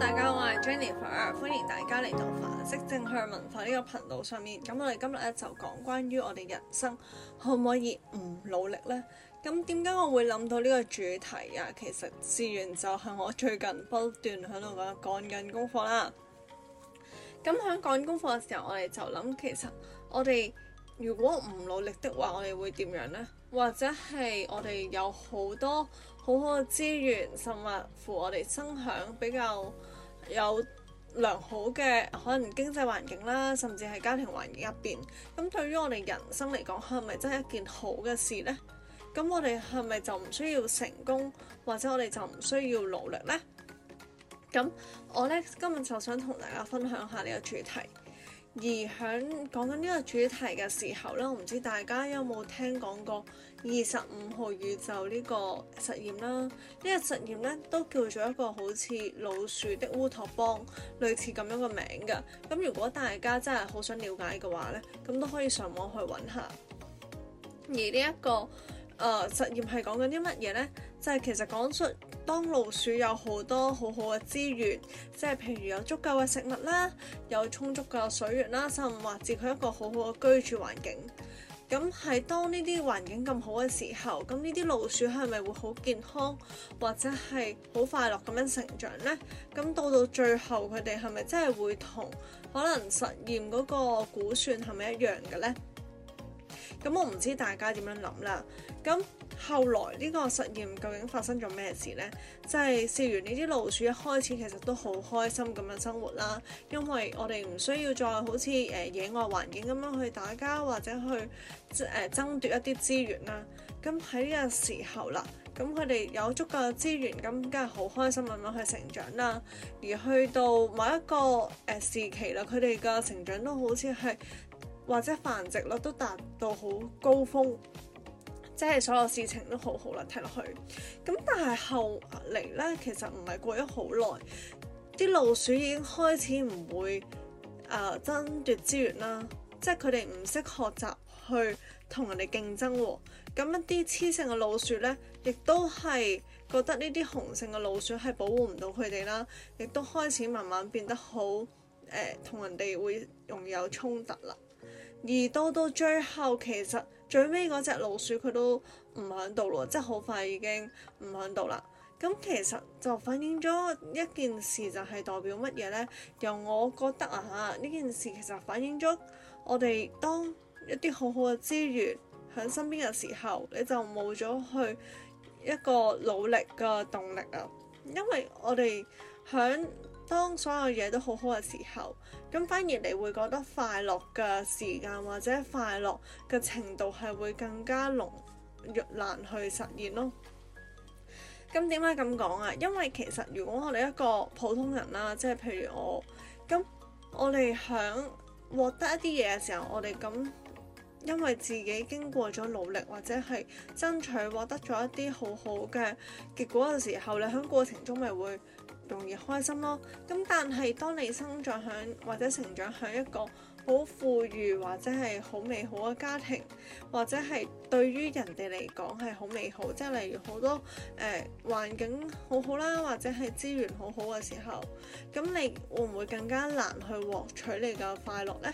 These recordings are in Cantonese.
大家好，我係 Jennifer，歡迎大家嚟到凡式正向文化呢個頻道上面。咁我哋今日咧就講關於我哋人生可唔可以唔努力呢？咁點解我會諗到呢個主題呀？其實自然就係我最近不斷喺度講緊功課啦。咁喺講功課嘅時候，我哋就諗，其實我哋如果唔努力的話，我哋會點樣呢？或者係我哋有好多。好好嘅資源，甚至乎我哋分享比較有良好嘅可能經濟環境啦，甚至係家庭環境入邊，咁對於我哋人生嚟講，係咪真係一件好嘅事呢？咁我哋係咪就唔需要成功，或者我哋就唔需要努力呢？咁我呢，今日就想同大家分享下呢個主題。而喺講緊呢個主題嘅時候呢，我唔知大家有冇聽講過二十五號宇宙呢個實驗啦？呢、這個實驗呢都叫做一個好似老鼠的烏托邦，類似咁樣嘅名㗎。咁如果大家真係好想了解嘅話呢，咁都可以上網去揾下。而呢、這、一個誒、呃、實驗係講緊啲乜嘢呢？就係、是、其實講出。當老鼠有好多好好嘅資源，即係譬如有足夠嘅食物啦，有充足嘅水源啦，甚至佢一個好好嘅居住環境。咁係當呢啲環境咁好嘅時候，咁呢啲老鼠係咪會好健康，或者係好快樂咁樣成長呢？咁到到最後，佢哋係咪真係會同可能實驗嗰個估算係咪一樣嘅呢？咁我唔知大家點樣諗啦。咁後來呢個實驗究竟發生咗咩事呢？即係試完呢啲老鼠，一開始其實都好開心咁樣生活啦，因為我哋唔需要再好似誒野外環境咁樣去打交或者去誒爭奪一啲資源啦。咁喺呢個時候啦，咁佢哋有足夠資源，咁梗係好開心咁樣去成長啦。而去到某一個誒時期啦，佢哋嘅成長都好似係～或者繁殖率都達到好高峰，即係所有事情都好好啦，睇落去。咁但係後嚟咧，其實唔係過咗好耐，啲老鼠已經開始唔會誒、呃、爭奪資源啦，即係佢哋唔識學習去同人哋競爭喎。咁一啲雌性嘅老鼠咧，亦都係覺得呢啲雄性嘅老鼠係保護唔到佢哋啦，亦都開始慢慢變得好誒同人哋會容易有衝突啦。而到到最後，其實最尾嗰隻老鼠佢都唔喺度咯，即係好快已經唔喺度啦。咁其實就反映咗一件事，就係代表乜嘢呢？由我覺得啊，呢件事其實反映咗我哋當一啲好好嘅資源喺身邊嘅時候，你就冇咗去一個努力嘅動力啊，因為我哋喺。當所有嘢都好好嘅時候，咁反而你會覺得快樂嘅時間或者快樂嘅程度係會更加濃，越難去實現咯。咁點解咁講啊？因為其實如果我哋一個普通人啦，即係譬如我，咁我哋想獲得一啲嘢嘅時候，我哋咁因為自己經過咗努力或者係爭取獲得咗一啲好好嘅結果嘅時候，你響過程中咪會。容易開心咯，咁但係當你生長響或者成長響一個好富裕或者係好美好嘅家庭，或者係對於人哋嚟講係好美好，即係例如好多誒、呃、環境好好啦，或者係資源好好嘅時候，咁你會唔會更加難去獲取你嘅快樂呢？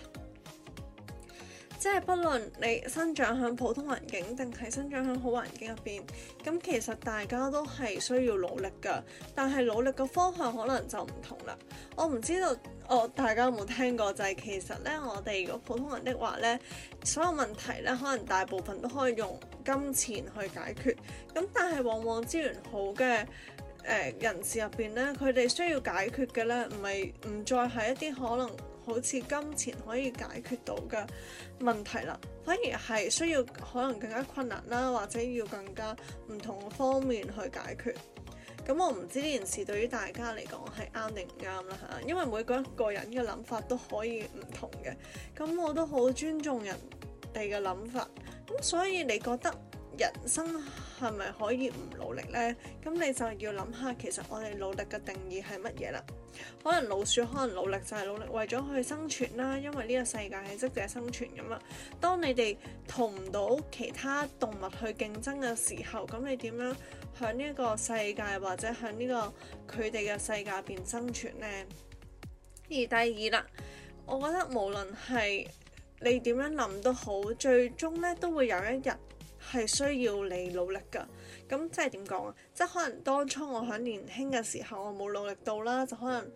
即係不論你生長喺普通環境定係生長喺好環境入邊，咁其實大家都係需要努力㗎，但係努力嘅方向可能就唔同啦。我唔知道，我大家有冇聽過？就係、是、其實呢，我哋個普通人的話呢，所有問題呢，可能大部分都可以用金錢去解決。咁但係往往資源好嘅誒、呃、人士入邊呢，佢哋需要解決嘅呢，唔係唔再係一啲可能。好似金錢可以解決到嘅問題啦，反而係需要可能更加困難啦，或者要更加唔同方面去解決。咁我唔知呢件事對於大家嚟講係啱定唔啱啦吓，因為每個一個人嘅諗法都可以唔同嘅，咁我都好尊重人哋嘅諗法。咁所以你覺得？人生係咪可以唔努力呢？咁你就要諗下，其實我哋努力嘅定義係乜嘢啦？可能老鼠可能努力就係努力為咗去生存啦，因為呢個世界係適者生存㗎嘛。當你哋同唔到其他動物去競爭嘅時候，咁你點樣響呢個世界或者響呢個佢哋嘅世界入邊生存呢？而第二啦，我覺得無論係你點樣諗都好，最終呢都會有一日。係需要你努力噶，咁即係點講啊？即係可能當初我喺年輕嘅時候，我冇努力到啦，就可能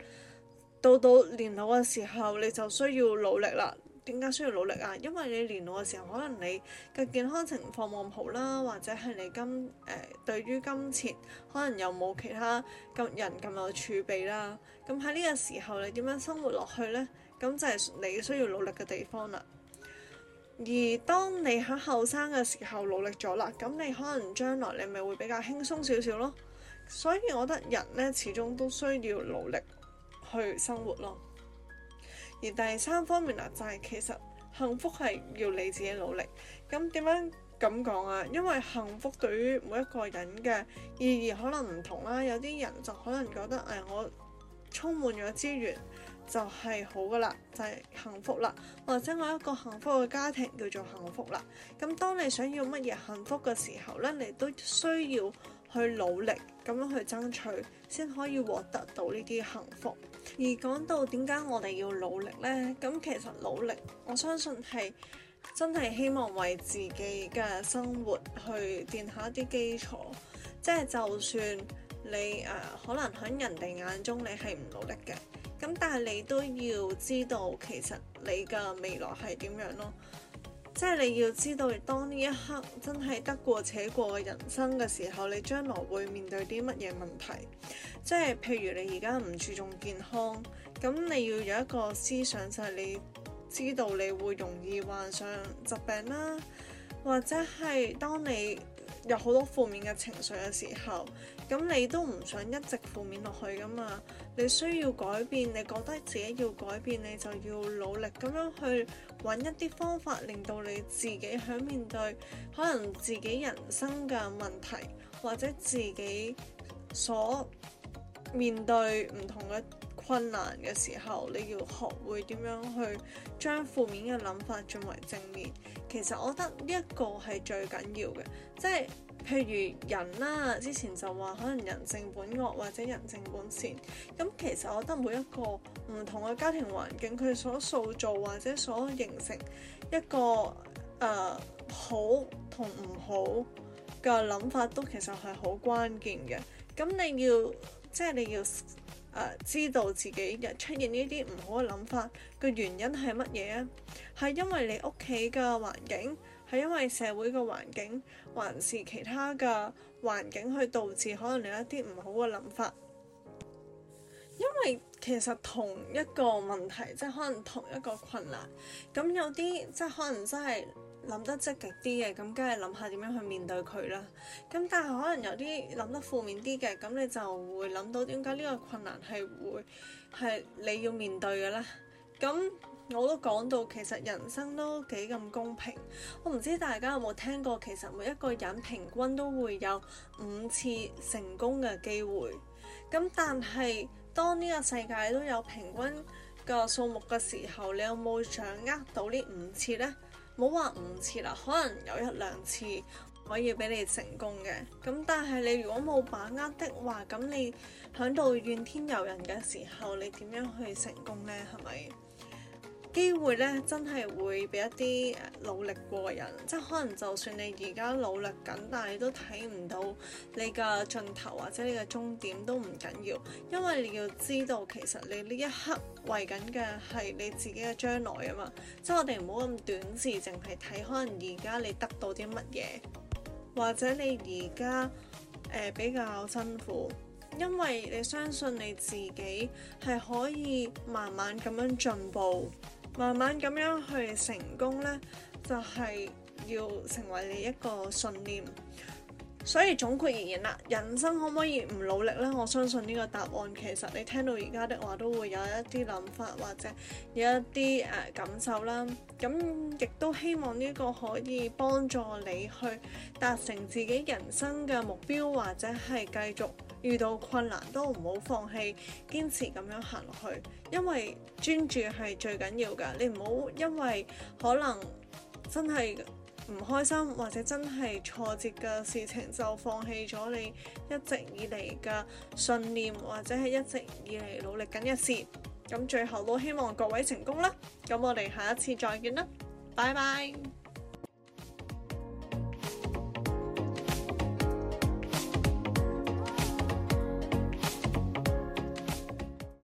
到到年老嘅時候，你就需要努力啦。點解需要努力啊？因為你年老嘅時候，可能你嘅健康情況冇咁好啦，或者係你今誒、呃、對於金錢可能又冇其他咁人咁有儲備啦。咁喺呢個時候，你點樣生活落去呢？咁就係你需要努力嘅地方啦。而當你喺後生嘅時候努力咗啦，咁你可能將來你咪會比較輕鬆少少咯。所以我覺得人呢，始終都需要努力去生活咯。而第三方面啊，就係其實幸福係要你自己努力。咁點樣咁講啊？因為幸福對於每一個人嘅意義可能唔同啦。有啲人就可能覺得誒，我充滿咗資源。就係好噶啦，就係、是、幸福啦，或者我一個幸福嘅家庭叫做幸福啦。咁，當你想要乜嘢幸福嘅時候呢，你都需要去努力咁樣去爭取，先可以獲得到呢啲幸福。而講到點解我哋要努力呢？咁其實努力，我相信係真係希望為自己嘅生活去墊下一啲基礎，即、就、係、是、就算你誒、呃、可能喺人哋眼中你係唔努力嘅。咁但係你都要知道，其實你嘅未來係點樣咯？即係你要知道，當呢一刻真係得過且過嘅人生嘅時候，你將來會面對啲乜嘢問題？即係譬如你而家唔注重健康，咁你要有一個思想，就係你知道你會容易患上疾病啦，或者係當你有好多負面嘅情緒嘅時候。咁你都唔想一直負面落去㗎嘛？你需要改變，你覺得自己要改變，你就要努力咁樣去揾一啲方法，令到你自己喺面對可能自己人生嘅問題，或者自己所面對唔同嘅困難嘅時候，你要學會點樣去將負面嘅諗法轉為正面。其實我覺得呢一個係最緊要嘅，即係譬如人啦，之前就話可能人性本惡或者人性本善，咁其實我覺得每一個唔同嘅家庭環境，佢所塑造或者所形成一個誒、呃、好同唔好嘅諗法，都其實係好關鍵嘅。咁你要，即係你要。知道自己日出現呢啲唔好嘅諗法，個原因係乜嘢啊？係因為你屋企嘅環境，係因為社會嘅環境，還是其他嘅環境去導致可能你有一啲唔好嘅諗法？因為其實同一個問題，即係可能同一個困難，咁有啲即係可能真係。諗得積極啲嘅，咁梗係諗下點樣去面對佢啦。咁但係可能有啲諗得負面啲嘅，咁你就會諗到點解呢個困難係會係你要面對嘅啦。咁我都講到其實人生都幾咁公平。我唔知大家有冇聽過，其實每一個人平均都會有五次成功嘅機會。咁但係當呢個世界都有平均嘅數目嘅時候，你有冇掌握到呢五次呢？唔好話五次啦，可能有一兩次可以俾你成功嘅。咁但係你如果冇把握的話，咁你喺度怨天尤人嘅時候，你點樣去成功咧？係咪？機會咧，真係會俾一啲努力過人，即係可能就算你而家努力緊，但係你都睇唔到你嘅盡頭或者你嘅終點都唔緊要，因為你要知道其實你呢一刻為緊嘅係你自己嘅將來啊嘛，即係我哋唔好咁短視，淨係睇可能而家你得到啲乜嘢，或者你而家、呃、比較辛苦，因為你相信你自己係可以慢慢咁樣進步。慢慢咁樣去成功咧，就係要成為你一個信念。所以總括而言啦，人生可唔可以唔努力呢？我相信呢個答案其實你聽到而家的話都會有一啲諗法或者有一啲誒、呃、感受啦。咁亦都希望呢個可以幫助你去達成自己人生嘅目標，或者係繼續遇到困難都唔好放棄，堅持咁樣行落去。因為專注係最緊要㗎。你唔好因為可能真係唔開心或者真係挫折嘅事情就放棄咗你一直以嚟嘅信念或者係一直以嚟努力緊嘅事，咁最後都希望各位成功啦，咁我哋下一次再見啦，拜拜。